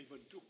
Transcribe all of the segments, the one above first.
ik ben toe.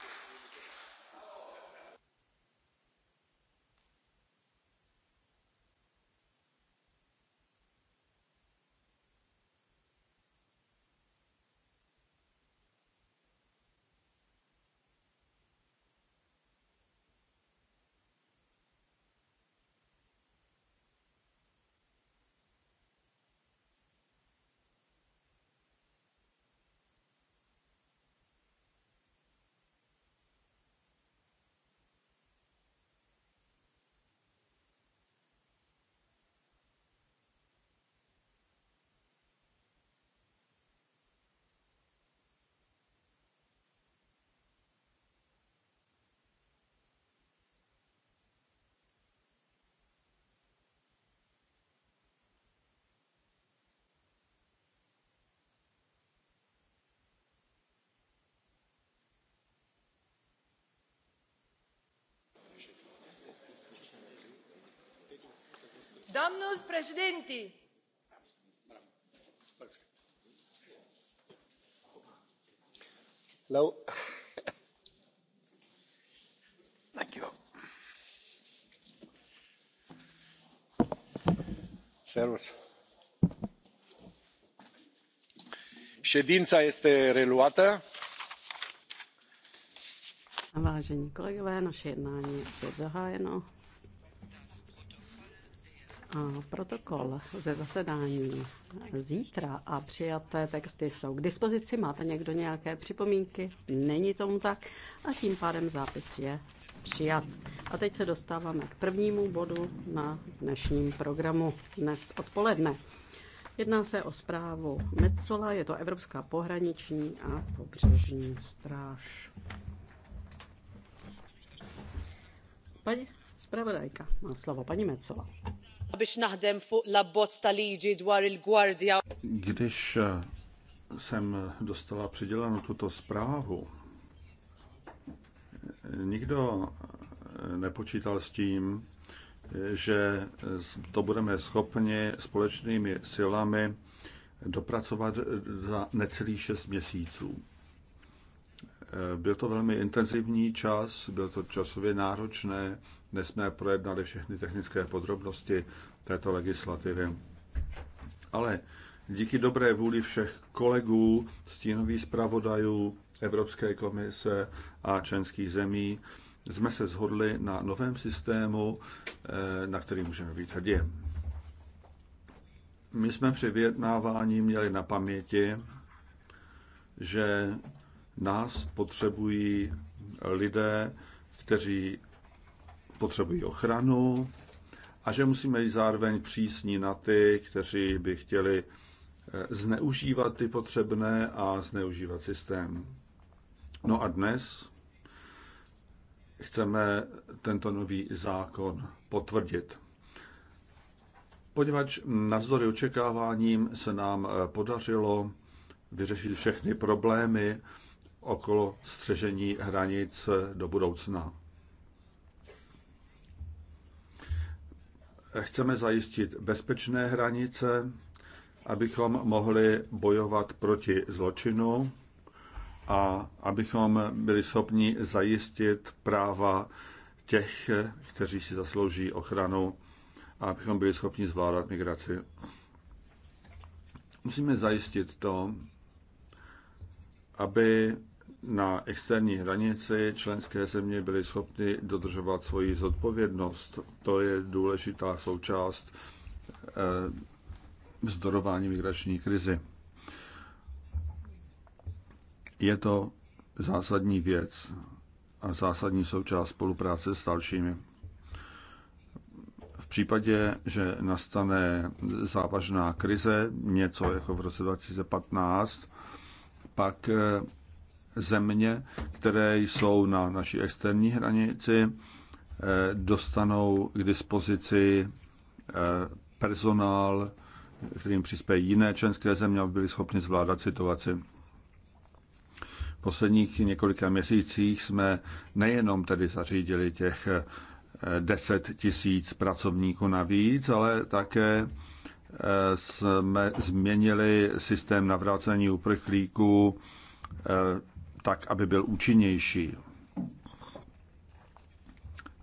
domnul președinte ședința este reluată. vážení kolegové naše jednání je opět zahájeno. A protokol ze zasedání zítra a přijaté texty jsou k dispozici. Máte někdo nějaké připomínky? Není tomu tak. A tím pádem zápis je přijat. A teď se dostáváme k prvnímu bodu na dnešním programu dnes odpoledne. Jedná se o zprávu Metzola, je to Evropská pohraniční a pobřežní stráž. Paní zpravodajka má slovo, paní Metzola. Když eh, jsem dostala přidělenou tuto zprávu, nikdo eh, nepočítal s tím, že eh, to budeme schopni společnými silami dopracovat za necelých šest měsíců. Byl to velmi intenzivní čas, byl to časově náročné, dnes jsme projednali všechny technické podrobnosti této legislativy. Ale díky dobré vůli všech kolegů, stínových zpravodajů, Evropské komise a členských zemí jsme se shodli na novém systému, eh, na který můžeme být hrdě. My jsme při vyjednávání měli na paměti, že nás potřebují lidé, kteří potřebují ochranu a že musíme být zároveň přísní na ty, kteří by chtěli eh, zneužívat ty potřebné a zneužívat systém. No a dnes chceme tento nový zákon potvrdit. Poněvadž navzdory očekáváním se nám eh, podařilo vyřešit všechny problémy okolo střežení hranic do budoucna. Chceme zajistit bezpečné hranice, abychom mohli bojovat proti zločinu a abychom byli schopni zajistit práva těch, kteří si zaslouží ochranu a abychom byli schopni zvládat migraci. Musíme zajistit to, aby na externí hranici členské země byly schopny dodržovat svoji zodpovědnost. To je důležitá součást eh, vzdorování migrační krizi. Je to zásadní věc a zásadní součást spolupráce s dalšími. V případě, že nastane závažná krize, něco jako v roce 2015, pak eh, země, které jsou na naší externí hranici, eh, dostanou k dispozici eh, personál, kterým přispějí jiné členské země, aby byly schopny zvládat situaci. V posledních několika měsících jsme nejenom tedy zařídili těch 10 eh, tisíc pracovníků navíc, ale také jsme změnili systém navrácení uprchlíků tak, aby byl účinnější.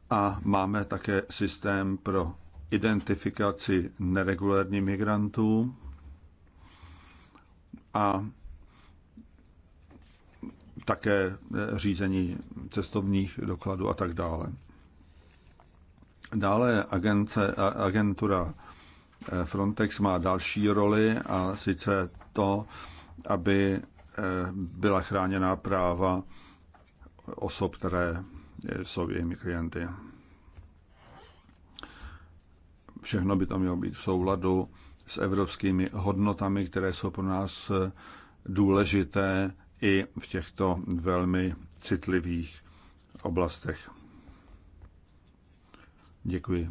A máme také systém pro identifikaci neregulérních migrantů a také eh, řízení cestovních dokladů a tak dále. Dále agence, agentura eh, Frontex má další roli a sice to, aby Eh, byla chráněna práva osob, které jsou jejími klienty. Všechno by to mělo být v souladu s evropskými hodnotami, které jsou pro nás eh, důležité i v těchto velmi citlivých oblastech. Děkuji.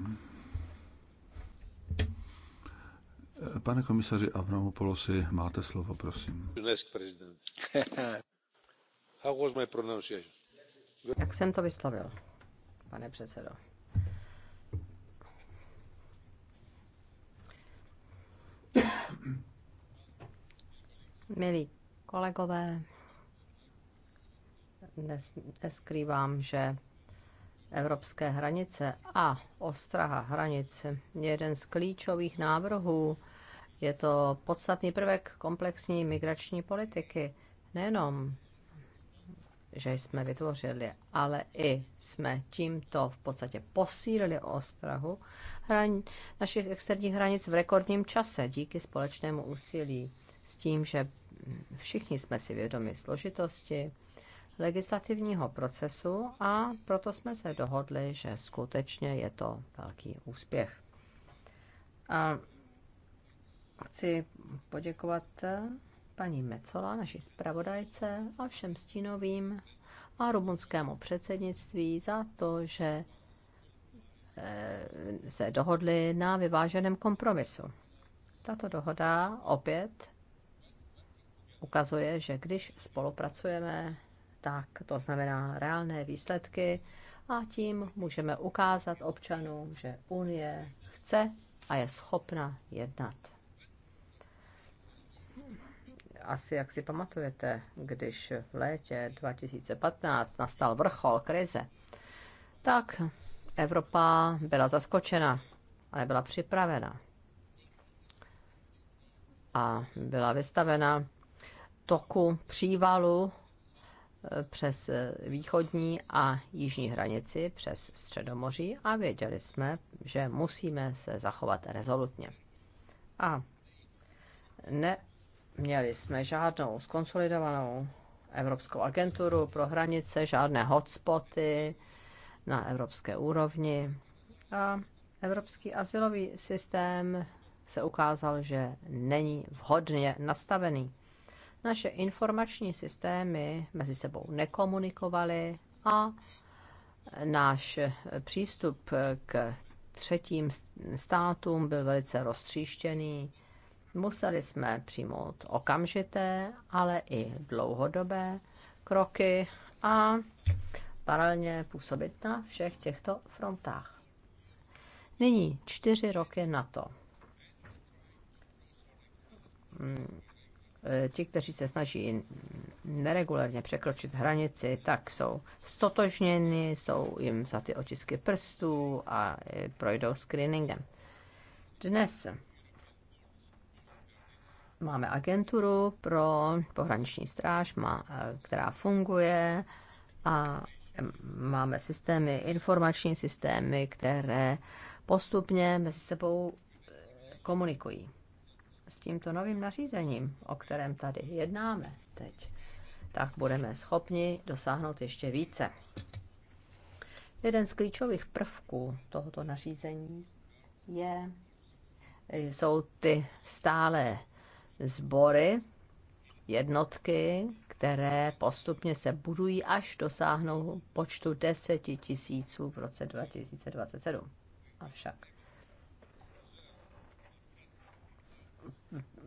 Pane komisaři Avramopoulosi, máte slovo, prosím. Jak jsem to vyslovil, pane předsedo? Milí kolegové, neskrývám, že evropské hranice a ostraha hranic je jeden z klíčových návrhů. Je to podstatný prvek komplexní migrační politiky. Nejenom, že jsme vytvořili, ale i jsme tímto v podstatě posílili ostrahu našich externích hranic v rekordním čase díky společnému úsilí s tím, že všichni jsme si vědomi složitosti legislativního procesu a proto jsme se dohodli, že skutečně je to velký úspěch. A chci poděkovat paní Mecola, naší zpravodajce a všem stínovým a rumunskému předsednictví za to, že eh, se dohodli na vyváženém kompromisu. Tato dohoda opět ukazuje, že když spolupracujeme, tak, to znamená reálné výsledky a tím můžeme ukázat občanům, že Unie chce a je schopna jednat. Asi jak si pamatujete, když v létě 2015 nastal vrchol krize, tak Evropa byla zaskočena, ale byla připravena. A byla vystavena toku přívalu přes eh, východní a jižní hranici, přes Středomoří a věděli jsme, že musíme se zachovat rezolutně. A neměli jsme žádnou skonsolidovanou Evropskou agenturu pro hranice, žádné hotspoty na evropské úrovni. A evropský asilový systém se ukázal, že není vhodně nastavený naše informační systémy mezi sebou nekomunikovaly a náš přístup k třetím státům byl velice roztříštěný. Museli jsme přijmout okamžité, ale i dlouhodobé kroky a paralelně působit na všech těchto frontách. Nyní čtyři roky na to Eh, ti, kteří se snaží neregulárně překročit hranici, tak jsou stotožněni, jsou jim za ty otisky prstů a eh, projdou screeningem. Dnes máme agenturu pro pohraniční stráž, eh, která funguje a máme systémy, informační systémy, které postupně mezi sebou komunikují s tímto novým nařízením, o kterém tady jednáme teď, tak budeme schopni dosáhnout ještě více. Jeden z klíčových prvků tohoto nařízení je, jsou ty stále sbory, jednotky, které postupně se budují až dosáhnou počtu 10 tisíců v roce 2027. Avšak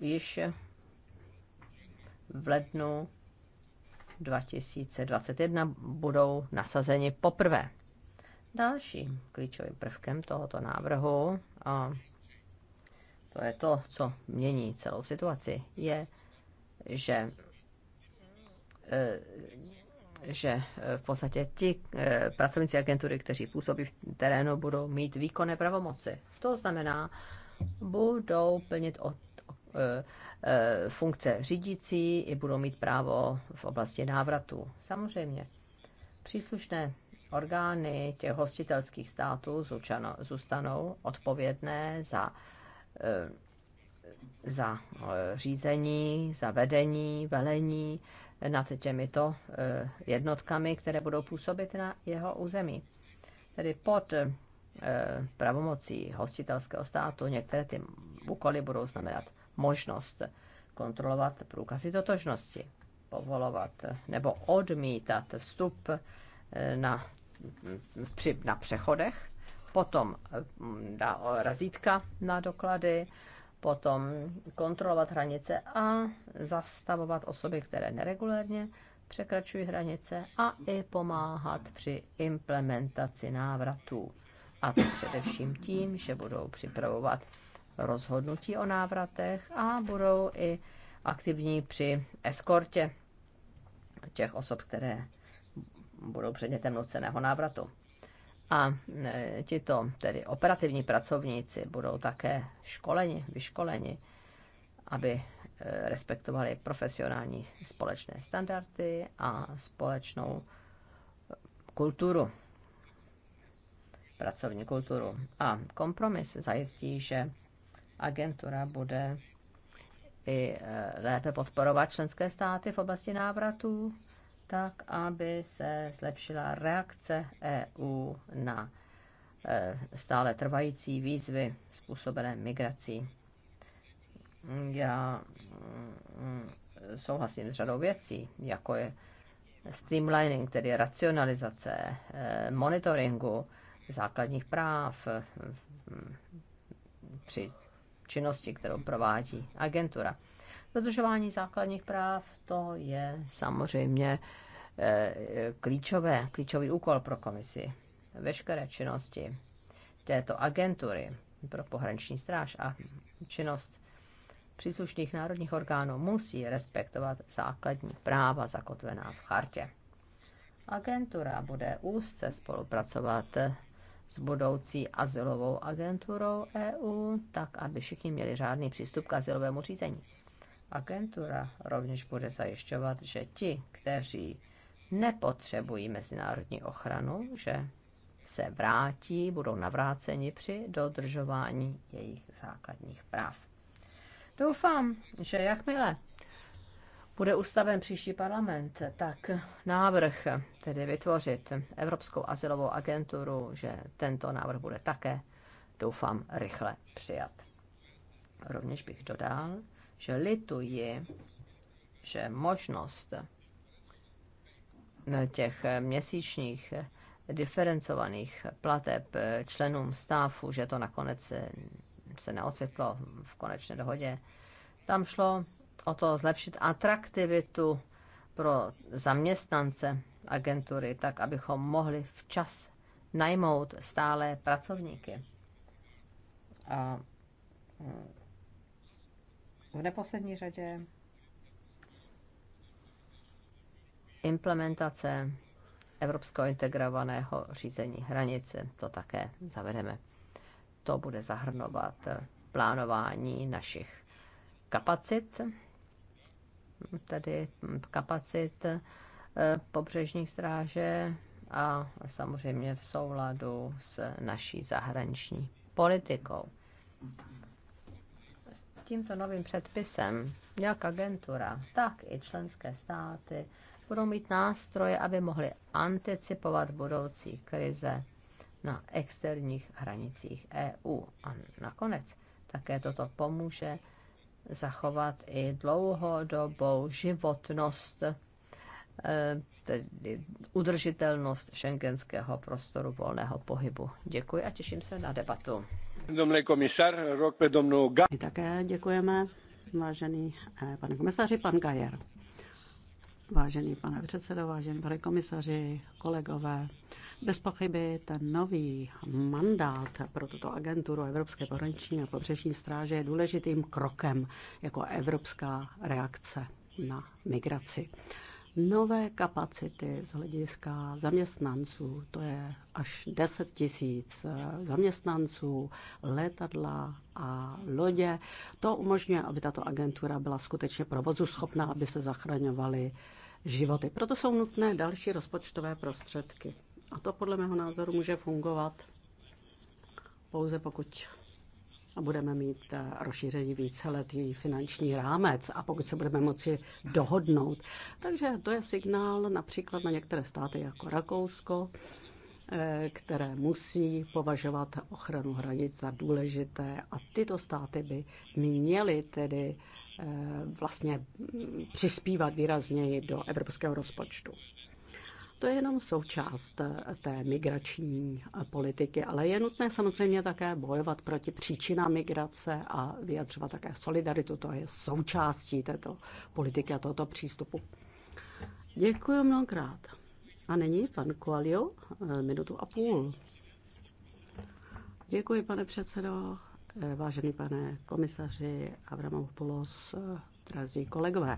již v lednu 2021 budou nasazeni poprvé. Dalším klíčovým prvkem tohoto návrhu, a to je to, co mění celou situaci, je, že eh, že eh, v podstatě ti eh, pracovníci agentury, kteří působí v terénu, budou mít výkonné pravomoci. To znamená, budou plnit od Eh, eh, funkce řídící i budou mít právo v oblasti návratu. Samozřejmě příslušné orgány těch hostitelských států zůstanou odpovědné za, eh, za řízení, za vedení, velení nad těmito jednotkami, které budou působit na jeho území. Tedy pod pravomocí hostitelského státu některé ty úkoly budou znamenat možnost kontrolovat průkazy totožnosti, povolovat nebo odmítat vstup eh, na, při, na přechodech, potom mm, dá razítka na doklady, potom kontrolovat hranice a zastavovat osoby, které neregulérně překračují hranice a i pomáhat při implementaci návratů. A to především tím, že budou připravovat rozhodnutí o návratech a budou i aktivní při eskortě těch osob, které budou předmětem nuceného návratu. A e, tito tedy operativní pracovníci budou také školeni, vyškoleni, aby e, respektovali profesionální společné standardy a společnou e, kulturu, pracovní kulturu. A kompromis zajistí, že agentura bude i e, lépe podporovat členské státy v oblasti návratů, tak aby se zlepšila reakce EU na e, stále trvající výzvy způsobené migrací. Já mm, souhlasím s řadou věcí, jako je streamlining, tedy racionalizace, e, monitoringu základních práv při činnosti, kterou provádí agentura. Dodržování základních práv to je samozřejmě eh, klíčové, klíčový úkol pro komisi. Veškeré činnosti této agentury pro pohraniční stráž a činnost příslušných národních orgánů musí respektovat základní práva zakotvená v chartě. Agentura bude úzce spolupracovat s budoucí azylovou agenturou EU, tak aby všichni měli řádný přístup k azylovému řízení. Agentura rovněž bude zajišťovat, že ti, kteří nepotřebují mezinárodní ochranu, že se vrátí, budou navráceni při dodržování jejich základních práv. Doufám, že jakmile bude ustaven příští parlament, tak návrh, tedy vytvořit Evropskou asilovou agenturu, že tento návrh bude také, doufám, rychle přijat. Rovněž bych dodal, že lituji, že možnost těch měsíčních diferencovaných plateb členům stávu, že to nakonec se neocitlo v konečné dohodě. Tam šlo o to zlepšit atraktivitu pro zaměstnance agentury, tak abychom mohli včas najmout stále pracovníky. A eh, v neposlední řadě implementace evropského integrovaného řízení hranice. To také zavedeme. To bude zahrnovat eh, plánování našich kapacit tedy kapacit eh, pobřežní stráže a samozřejmě v souladu s naší zahraniční politikou. S tímto novým předpisem, jak agentura, tak i členské státy budou mít nástroje, aby mohly anticipovat budoucí krize na externích hranicích EU. A nakonec také toto pomůže zachovat i dlouhodobou životnost, eh, tedy udržitelnost šengenského prostoru volného pohybu. Děkuji a těším se na debatu. Domnule komisar, rok pe domnul Také děkujeme, vážený eh, pane komisaři, pan Gajer. Vážený pane předsedo, vážený pane komisaři, kolegové, bez pochyby ten nový mandát pro tuto agenturu Evropské pohraniční a pobřežní stráže je důležitým krokem jako evropská reakce na migraci. Nové kapacity z hlediska zaměstnanců, to je až 10 tisíc eh, zaměstnanců, letadla a lodě, to umožňuje, aby tato agentura byla skutečně provozuschopná, aby se zachraňovaly životy. Proto jsou nutné další rozpočtové prostředky. A to podle mého názoru může fungovat pouze pokud a budeme mít eh, rozšířený víceletý finanční rámec a pokud se budeme moci dohodnout. Takže to je signál například na některé státy jako Rakousko, eh, které musí považovat ochranu hranic za důležité a tyto státy by měly tedy eh, vlastně přispívat výrazněji do evropského rozpočtu. To je jenom součást té migrační politiky, ale je nutné samozřejmě také bojovat proti příčinám migrace a vyjadřovat také solidaritu. To je součástí této politiky a tohoto přístupu. Děkuji mnohokrát. A nyní pan Koalio, eh, minutu a půl. Děkuji, pane předsedo, eh, vážený pane komisaři Avramopoulos, eh, drazí kolegové.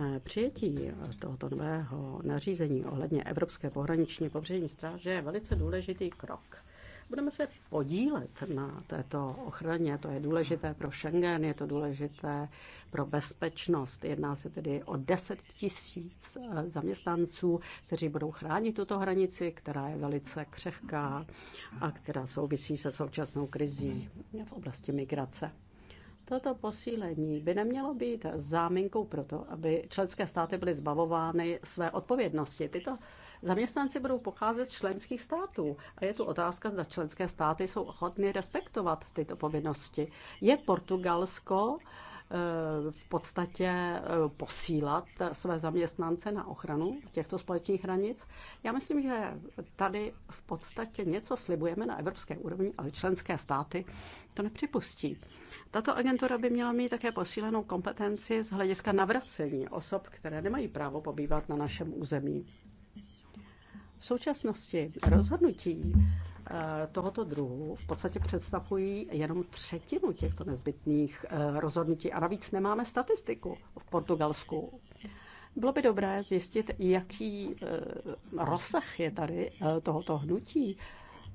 Eh, přijetí eh, tohoto nového nařízení ohledně Evropské pohraniční pobřežní stráže je velice důležitý krok. Budeme se podílet na této ochraně, to je důležité pro Schengen, je to důležité pro bezpečnost. Jedná se tedy o 10 tisíc eh, zaměstnanců, kteří budou chránit tuto hranici, která je velice křehká a která souvisí se současnou krizí v oblasti migrace. Toto posílení by nemělo být záminkou pro to, aby členské státy byly zbavovány své odpovědnosti. Tyto Zaměstnanci budou pocházet z členských států a je tu otázka, zda členské státy jsou ochotny respektovat tyto povinnosti. Je Portugalsko eh, v podstatě eh, posílat své zaměstnance na ochranu těchto společných hranic. Já myslím, že tady v podstatě něco slibujeme na evropské úrovni, ale členské státy to nepřipustí. Tato agentura by měla mít také posílenou kompetenci z hlediska navracení osob, které nemají právo pobývat na našem území. V současnosti rozhodnutí eh, tohoto druhu v podstatě představují jenom třetinu těchto nezbytných eh, rozhodnutí a navíc nemáme statistiku v Portugalsku. Bylo by dobré zjistit, jaký eh, rozsah je tady tohoto hnutí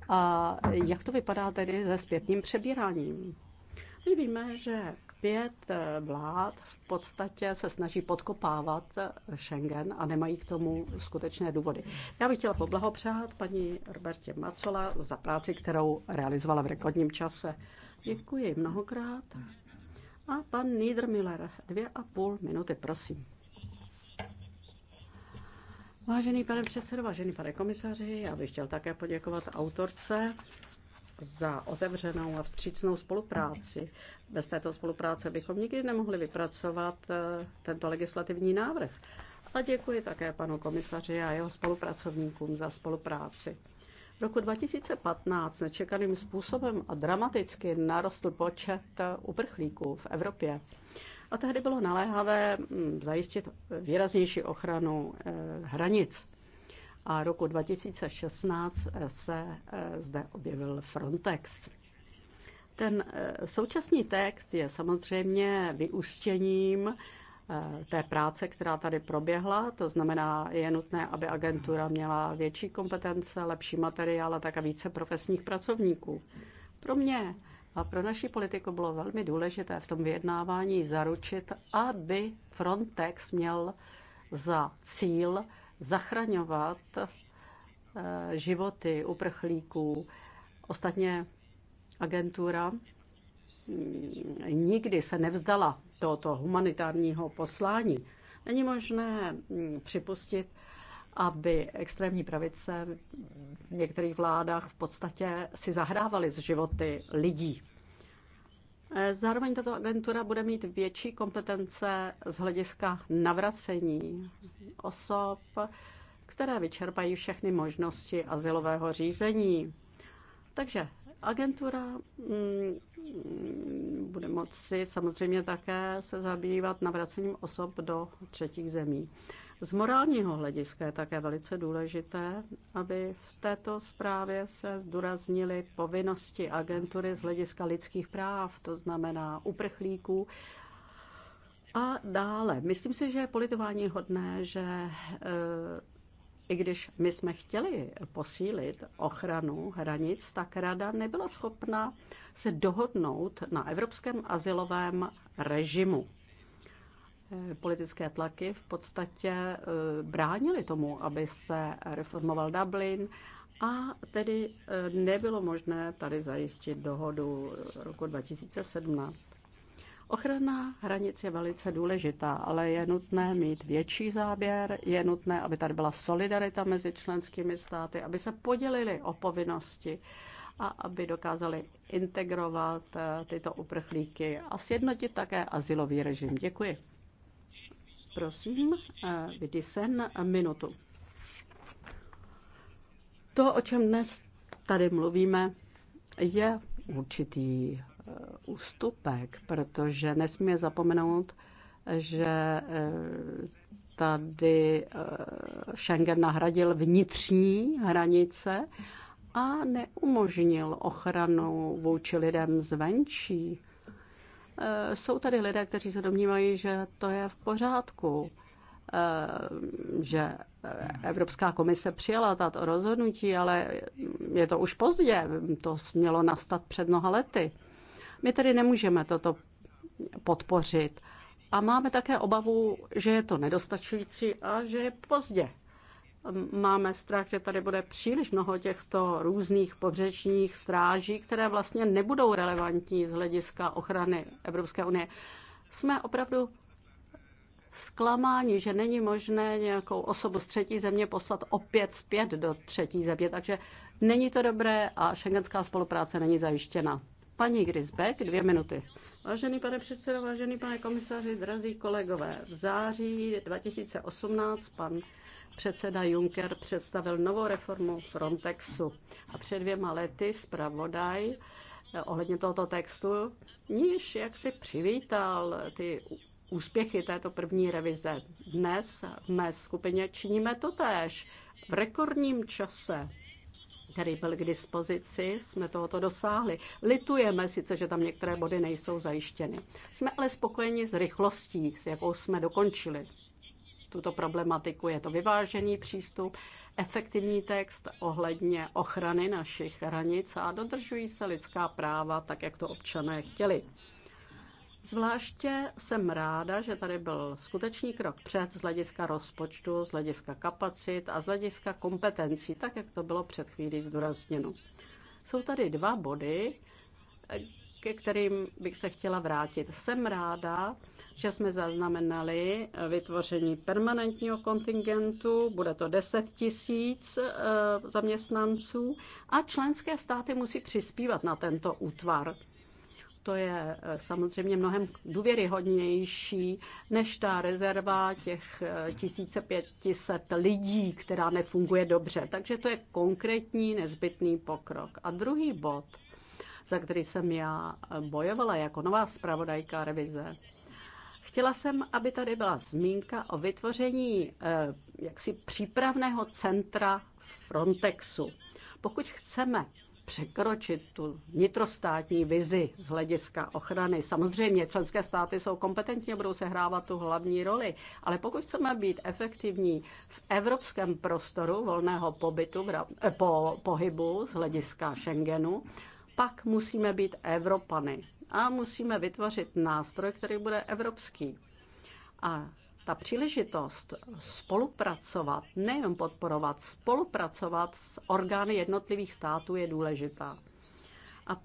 a jak to vypadá tedy se zpětným přebíráním. My víme, že pět eh, vlád v podstatě se snaží podkopávat eh, Schengen a nemají k tomu skutečné důvody. Já bych chtěla poblahopřát paní Robertě Macola za práci, kterou realizovala v rekordním čase. Děkuji mnohokrát. A pan Niedermüller, dvě a půl minuty, prosím. Vážený pane předsedo, vážený pane komisaři, já bych chtěl také poděkovat autorce za otevřenou a vstřícnou spolupráci. Bez této spolupráce bychom nikdy nemohli vypracovat eh, tento legislativní návrh. A děkuji také panu komisaři a jeho spolupracovníkům za spolupráci. V roku 2015 nečekaným způsobem a dramaticky narostl počet eh, uprchlíků v Evropě. A tehdy bylo naléhavé mm, zajistit výraznější ochranu eh, hranic a roku 2016 se eh, zde objevil Frontex. Ten eh, současný text je samozřejmě vyústěním eh, té práce, která tady proběhla. To znamená, je nutné, aby agentura měla větší kompetence, lepší materiál a tak a více profesních pracovníků. Pro mě a pro naši politiku bylo velmi důležité v tom vyjednávání zaručit, aby Frontex měl za cíl zachraňovat eh, životy uprchlíků. Ostatně agentura mm, nikdy se nevzdala tohoto humanitárního poslání. Není možné mm, připustit, aby extrémní pravice v některých vládách v podstatě si zahrávaly s životy lidí. Eh, zároveň tato agentura bude mít větší kompetence z hlediska navracení osob, které vyčerpají všechny možnosti asilového řízení. Takže agentura mm, mm, bude moci samozřejmě také se zabývat navracením osob do třetích zemí. Z morálního hlediska je také velice důležité, aby v této zprávě se zdůraznily povinnosti agentury z hlediska lidských práv, to znamená uprchlíků. A dále, myslím si, že je politování hodné, že eh, i když my jsme chtěli posílit ochranu hranic, tak Rada nebyla schopna se dohodnout na evropském asilovém režimu. Eh, politické tlaky v podstatě eh, bránily tomu, aby se reformoval Dublin a tedy eh, nebylo možné tady zajistit dohodu roku 2017. Ochrana hranic je velice důležitá, ale je nutné mít větší záběr, je nutné, aby tady byla solidarita mezi členskými státy, aby se podělili o povinnosti a aby dokázali integrovat tyto uprchlíky a sjednotit také asilový režim. Děkuji. Prosím, eh, na eh, minutu. To, o čem dnes tady mluvíme, je určitý eh, ústupek, protože nesmíme zapomenout, že tady Schengen nahradil vnitřní hranice a neumožnil ochranu vůči lidem zvenčí. Eh, jsou tady lidé, kteří se domnívají, že to je v pořádku, eh, že Evropská komise přijala tato rozhodnutí, ale je to už pozdě, to mělo nastat před mnoha lety. My tedy nemůžeme toto podpořit. A máme také obavu, že je to nedostačující a že je pozdě máme strach, že tady bude příliš mnoho těchto různých pobřečních stráží, které vlastně nebudou relevantní z hlediska ochrany Evropské unie. Jsme opravdu zklamáni, že není možné nějakou osobu z třetí země poslat opět zpět do třetí země, takže není to dobré a šengenská spolupráce není zajištěna. Paní Grisbeck, dvě minuty. Vážený pane předsedo, vážený pane komisaři, drazí kolegové, v září 2018 pan Předseda Juncker představil novou reformu Frontexu a před dvěma lety zpravodaj eh, ohledně tohoto textu níž jak si přivítal ty úspěchy této první revize. Dnes v mé skupině činíme to též. V rekordním čase, který byl k dispozici, jsme tohoto dosáhli. Litujeme sice, že tam některé body nejsou zajištěny. Jsme ale spokojeni s rychlostí, s jakou jsme dokončili tuto problematiku. Je to vyvážený přístup, efektivní text ohledně ochrany našich hranic a dodržují se lidská práva tak, jak to občané chtěli. Zvláště jsem ráda, že tady byl skutečný krok před z hlediska rozpočtu, z hlediska kapacit a z hlediska kompetencí, tak jak to bylo před chvílí zdůrazněno. Jsou tady dva body, ke kterým bych se chtěla vrátit. Jsem ráda, že jsme zaznamenali vytvoření permanentního kontingentu, bude to 10 tisíc eh, zaměstnanců a členské státy musí přispívat na tento útvar to je eh, samozřejmě mnohem důvěryhodnější než ta rezerva těch 1500 eh, lidí, která nefunguje dobře. Takže to je konkrétní nezbytný pokrok. A druhý bod, za který jsem já bojovala jako nová zpravodajka revize, Chtěla jsem, aby tady byla zmínka o vytvoření eh, jaksi přípravného centra v Frontexu. Pokud chceme překročit tu nitrostátní vizi z hlediska ochrany. Samozřejmě členské státy jsou kompetentní, budou sehrávat tu hlavní roli, ale pokud chceme být efektivní v evropském prostoru volného pobytu, eh, po, pohybu z hlediska Schengenu, pak musíme být Evropany a musíme vytvořit nástroj, který bude evropský. A ta příležitost spolupracovat, nejen podporovat, spolupracovat s orgány jednotlivých států je důležitá. A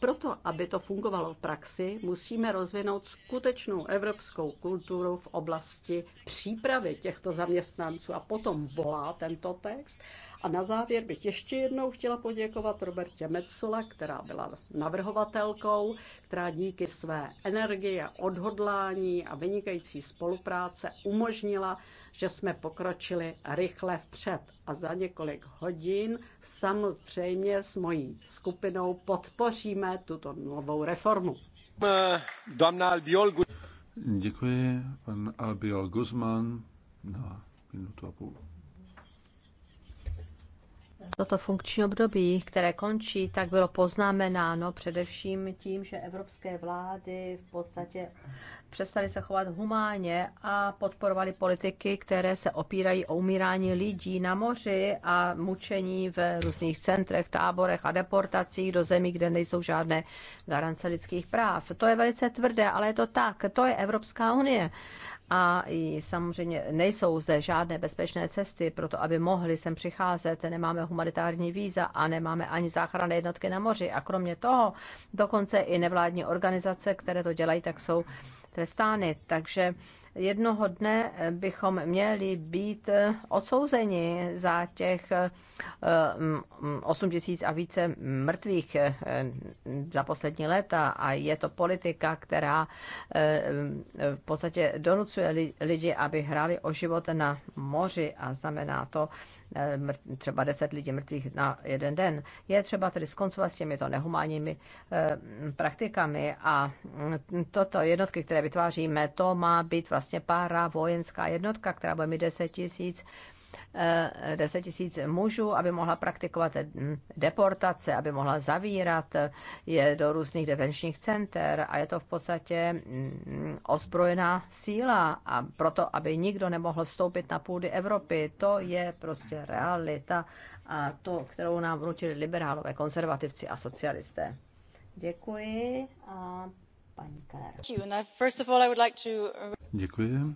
proto, aby to fungovalo v praxi, musíme rozvinout skutečnou evropskou kulturu v oblasti přípravy těchto zaměstnanců. A potom volá tento text, a na závěr bych ještě jednou chtěla poděkovat Robertě Metzola, která byla navrhovatelkou, která díky své energie, odhodlání a vynikající spolupráce umožnila, že jsme pokročili rychle vpřed. A za několik hodin samozřejmě s mojí skupinou podpoříme tuto novou reformu. Děkuji, pan Albiol Guzman na minutu a půl. Toto funkční období, které končí, tak bylo poznamenáno především tím, že evropské vlády v podstatě přestaly se chovat humánně a podporovaly politiky, které se opírají o umírání lidí na moři a mučení v různých centrech, táborech a deportacích do zemí, kde nejsou žádné garance lidských práv. To je velice tvrdé, ale je to tak. To je Evropská unie a i samozřejmě nejsou zde žádné bezpečné cesty pro to, aby mohli sem přicházet. Nemáme humanitární víza a nemáme ani záchranné jednotky na moři. A kromě toho, dokonce i nevládní organizace, které to dělají, tak jsou trestány. Takže jednoho dne bychom měli být odsouzeni za těch 8 eh, mm, tisíc a více mrtvých eh, za poslední léta a je to politika, která eh, v podstatě donucuje lidi, aby hráli o život na moři a znamená to, Eh, třeba 10 lidí mrtvých na jeden den. Je třeba tedy skoncovat s těmito nehumánními eh, praktikami a toto jednotky, které vytváříme, to má být vlastně pára vojenská jednotka, která bude mít 10 tisíc 10 eh, tisíc mužů, aby mohla praktikovat hm, deportace, aby mohla zavírat eh, je do různých detenčních center a je to v podstatě hm, ozbrojená síla a proto, aby nikdo nemohl vstoupit na půdy Evropy, to je prostě realita a to, kterou nám vnutili liberálové, konzervativci a socialisté. Děkuji a paní Keller. Děkuji.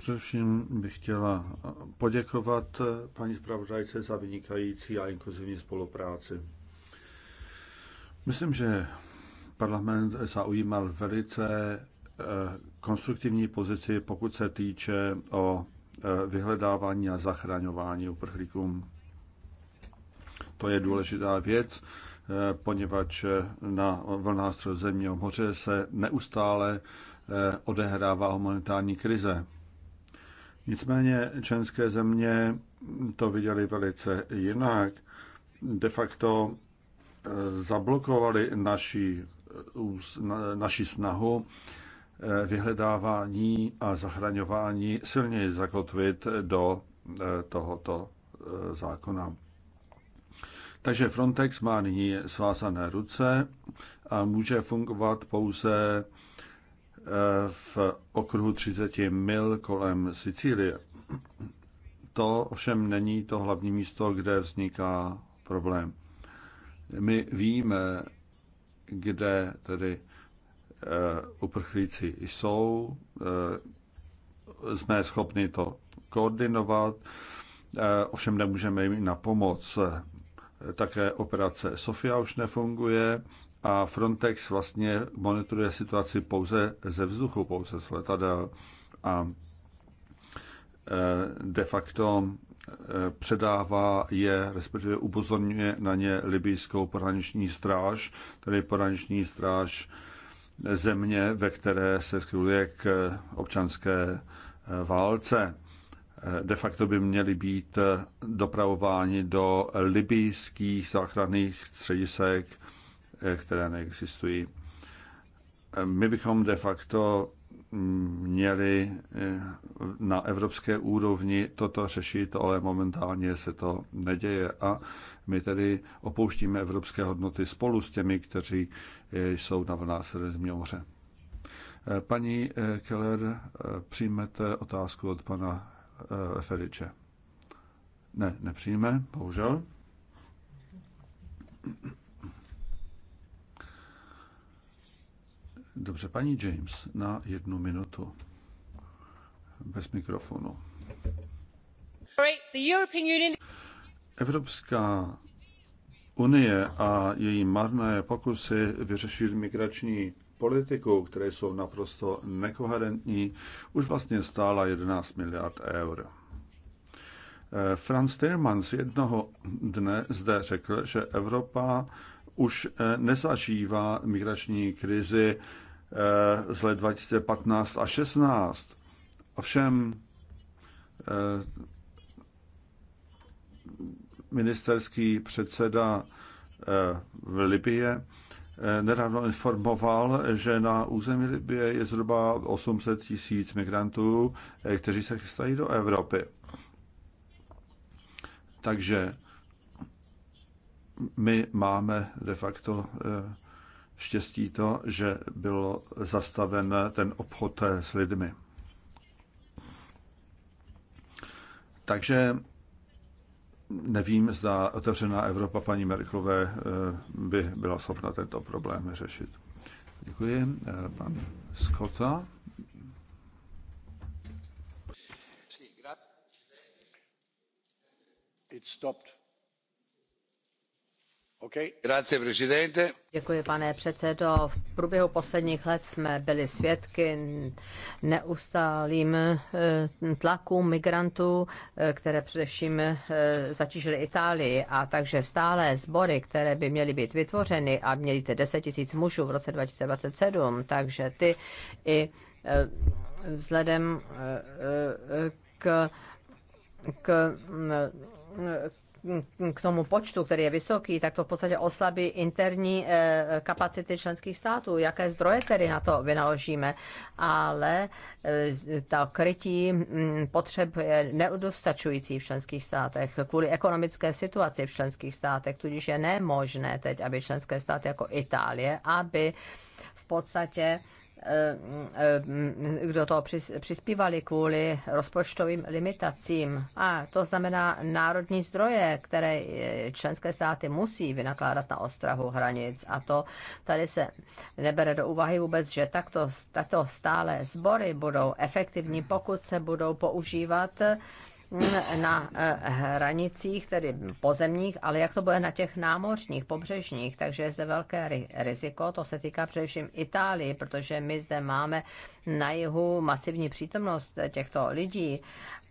Především bych chtěla poděkovat paní zpravodajce za vynikající a inkluzivní spolupráci. Myslím, že parlament zaujímal velice eh, konstruktivní pozici, pokud se týče o eh, vyhledávání a zachraňování uprchlíků. To je důležitá věc, eh, poněvadž na vlnách středozemního moře se neustále odehrává humanitární krize. Nicméně členské země to viděli velice jinak. De facto eh, zablokovali naši, eh, naši snahu eh, vyhledávání a zachraňování silněji zakotvit do tohoto zákona. Takže Frontex má nyní svázané ruce a může fungovat pouze v okruhu 30 mil kolem Sicílie. To ovšem není to hlavní místo, kde vzniká problém. My víme, kde tedy eh, uprchlíci jsou, eh, jsme schopni to koordinovat, eh, ovšem nemůžeme jim na pomoc. Také operace Sofia už nefunguje, a Frontex vlastně monitoruje situaci pouze ze vzduchu, pouze z letadel a e, de facto e, předává je, respektive upozorňuje na ně libijskou pohraniční stráž, tedy pohraniční stráž země, ve které se skryluje k občanské e, válce. De facto by měli být dopravováni do libijských záchranných středisek, které neexistují. My bychom de facto mm, měli eh, na evropské úrovni toto řešit, ale momentálně se to neděje a my tedy opouštíme evropské hodnoty spolu s těmi, kteří eh, jsou na vlnách moře. Eh, paní Keller, přijmete otázku od pana Feriče? Ne, nepřijme, bohužel. Dobře, paní James, na jednu minutu. Bez mikrofonu. Evropská unie a její marné pokusy vyřešit migrační politiku, které jsou naprosto nekoherentní, už vlastně stála 11 miliard eur. Eh, Franz Timmermans jednoho dne zde řekl, že Evropa už eh, nezažívá migrační krizi Eh, z let 2015 a 16. Ovšem eh, ministerský předseda eh, v Libie nedávno informoval, že na území Libie je zhruba 800 tisíc migrantů, kteří se chystají do Evropy. Takže my máme de facto štěstí to, že byl zastaven ten obchod eh, s lidmi. Takže nevím, zda otevřená Evropa paní Merklové eh, by byla schopna tento problém řešit. Děkuji. Eh, pan Skota. It stopped. Děkuji, pane předsedající V průběhu posledních let jsme byli svědky neustálým eh, tlakům migrantů, eh, které především eh, zatížily Itálii. A takže stále sbory, které by měly být vytvořeny a měly ty deset tisíc mužů v roce 2027, takže ty i vzhledem k, k k tomu počtu, který je vysoký, tak to v podstatě oslabí interní eh, kapacity členských států. Jaké zdroje tedy na to vynaložíme? Ale eh, ta krytí mm, potřeb je neudostačující v členských státech kvůli ekonomické situaci v členských státech, tudíž je nemožné teď, aby členské státy jako Itálie, aby v podstatě Eh, eh, kdo to přispívali kvůli rozpočtovým limitacím. A to znamená národní zdroje, které eh, členské státy musí vynakládat na ostrahu hranic. A to tady se nebere do úvahy vůbec, že takto, tato stále sbory budou efektivní, pokud se budou používat Mm, na eh, hranicích, tedy pozemních, ale jak to bude na těch námořních, pobřežních, takže je zde velké riziko, to se týká především Itálii, protože my zde máme na jihu masivní přítomnost těchto lidí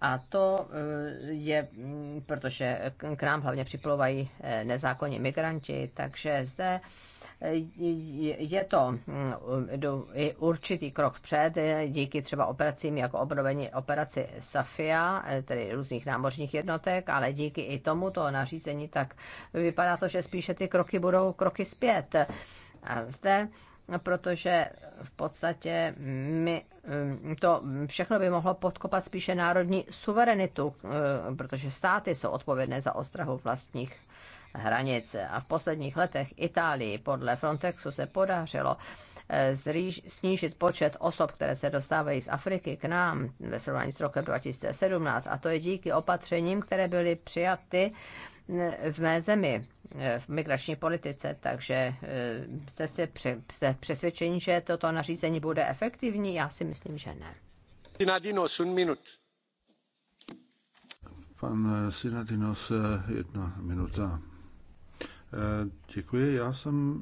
a to eh, je, mm, protože k nám hlavně připlouvají eh, nezákonní migranti, takže zde je to mm, určitý krok vpřed díky třeba operacím jako obnovení operaci Safia, eh, tedy různých námořních jednotek, ale díky i tomuto nařízení tak vypadá to, že spíše ty kroky budou kroky zpět. A zde protože v podstatě my, mm, to všechno by mohlo podkopat spíše národní suverenitu, eh, protože státy jsou odpovědné za ostrahu vlastních hranic. A v posledních letech Itálii podle Frontexu se podařilo eh, zříž, snížit počet osob, které se dostávají z Afriky k nám ve srovnání s rokem 2017. A to je díky opatřením, které byly přijaty eh, v mé zemi, eh, v migrační politice, takže jste si přesvědčení, že toto nařízení bude efektivní? Já si myslím, že ne. Sinadinos, un minut. Pan Sinadinos, jedna minuta. Eh, děkuji. Já jsem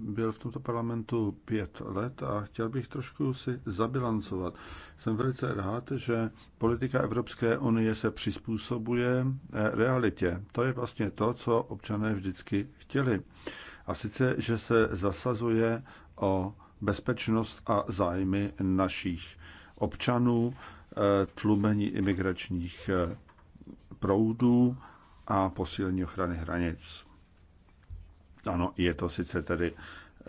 byl v tomto parlamentu pět let a chtěl bych trošku si zabilancovat. Jsem velice rád, že politika Evropské unie se přizpůsobuje eh, realitě. To je vlastně to, co občané vždycky chtěli. A sice, že se zasazuje o bezpečnost a zájmy našich občanů, eh, tlumení imigračních proudů a posílení ochrany hranic. Ano, je to sice tedy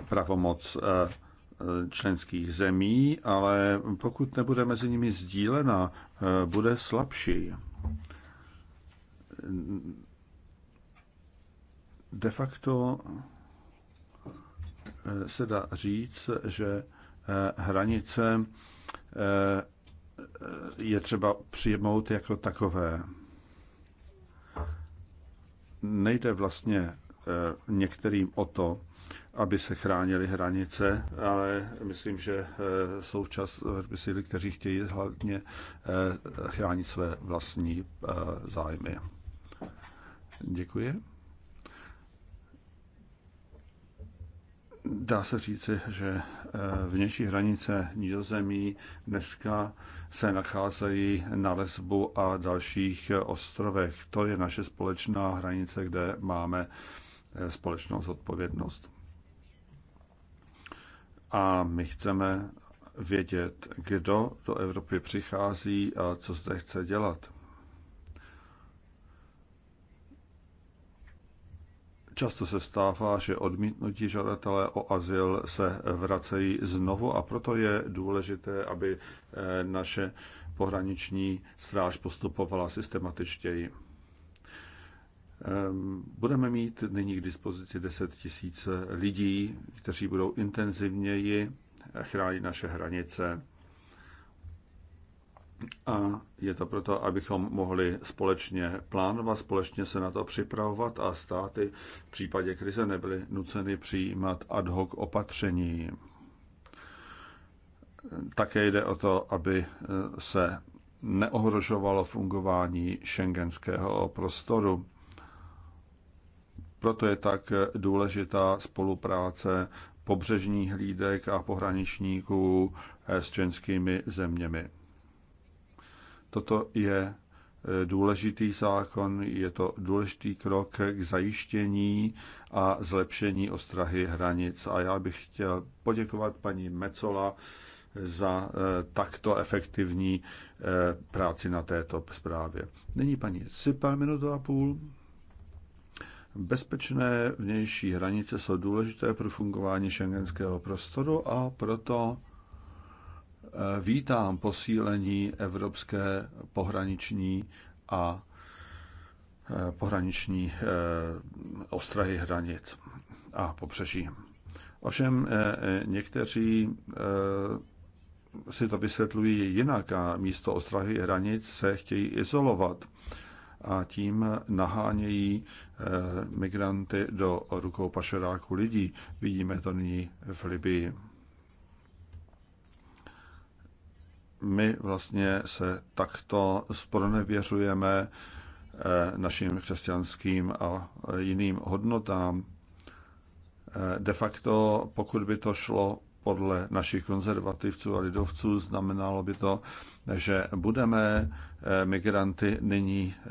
pravomoc eh, eh, členských zemí, ale pokud nebude mezi nimi sdílena, eh, bude slabší. De facto se dá říct, že hranice je třeba přijmout jako takové. Nejde vlastně Eh, některým o to, aby se chránily hranice, ale myslím, že eh, jsou včas eh, síly, kteří chtějí hlavně chránit své vlastní zájmy. Děkuji. Dá se říci, že vnější hranice Nizozemí dneska se nacházejí na Lesbu a dalších ostrovech. To je naše společná hranice, kde máme Eh, společnou zodpovědnost. A my chceme vědět, kdo do Evropy přichází a co zde chce dělat. Často se stává, že odmítnutí žadatelé o azyl se vracejí znovu a proto je důležité, aby eh, naše pohraniční stráž postupovala systematičtěji. Ehm, budeme mít nyní k dispozici 10 tisíc lidí, kteří budou intenzivněji chránit naše hranice. A je to proto, abychom mohli společně plánovat, společně se na to připravovat a státy v případě krize nebyly nuceny přijímat ad hoc opatření. Také jde o to, aby eh, se neohrožovalo fungování šengenského prostoru. Proto je tak důležitá spolupráce pobřežních hlídek a pohraničníků s členskými zeměmi. Toto je e, důležitý zákon, je to důležitý krok k zajištění a zlepšení ostrahy hranic. A já bych chtěl poděkovat paní Mecola za e, takto efektivní e, práci na této zprávě. Nyní paní Sipal minutu a půl. Bezpečné vnější hranice jsou důležité pro fungování šengenského prostoru a proto eh, vítám posílení Evropské pohraniční a eh, pohraniční eh, ostrahy hranic a popřeží. Ovšem někteří si to vysvětlují jinak a místo ostrahy hranic se chtějí izolovat a tím nahánějí Eh, migranty do rukou pašeráku lidí. Vidíme to nyní v Libii. My vlastně se takto spronevěřujeme eh, našim křesťanským a jiným hodnotám. Eh, de facto, pokud by to šlo podle našich konzervativců a lidovců znamenalo by to, že budeme eh, migranty nyní eh,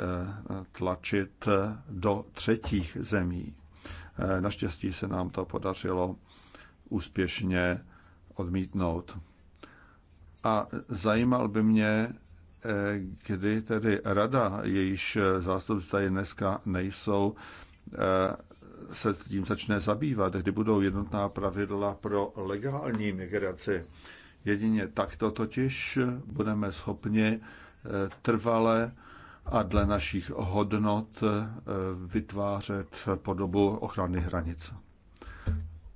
tlačit eh, do třetích zemí. Naštěstí se nám to podařilo úspěšně odmítnout. A zajímal by mě, kdy tedy rada, jejíž zástupci tady dneska nejsou, se tím začne zabývat, kdy budou jednotná pravidla pro legální migraci. Jedině takto totiž budeme schopni eh, trvale a dle našich hodnot eh, vytvářet podobu ochrany hranic.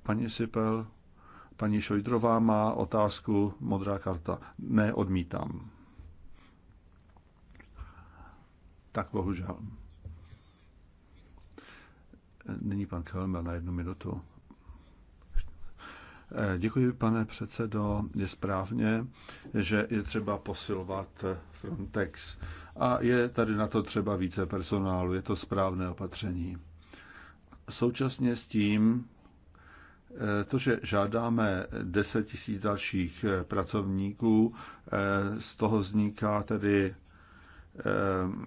Paní Sipel, paní Šojdrová má otázku modrá karta. Ne, odmítám. Tak bohužel. Nyní pan Kelmer na jednu minutu. Eh, děkuji, pane předsedo. Je správně, že je třeba posilovat Frontex a je tady na to třeba více personálu. Je to správné opatření. Současně s tím, eh, to, že žádáme 10 tisíc dalších eh, pracovníků, z toho vzniká tedy Ehm,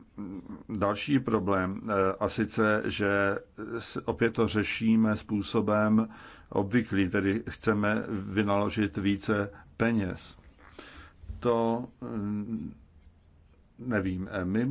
další problém, eh, a sice, že opět to řešíme způsobem obvyklý, tedy chceme vynaložit více peněz. To mm, nevím. Eh, my musíme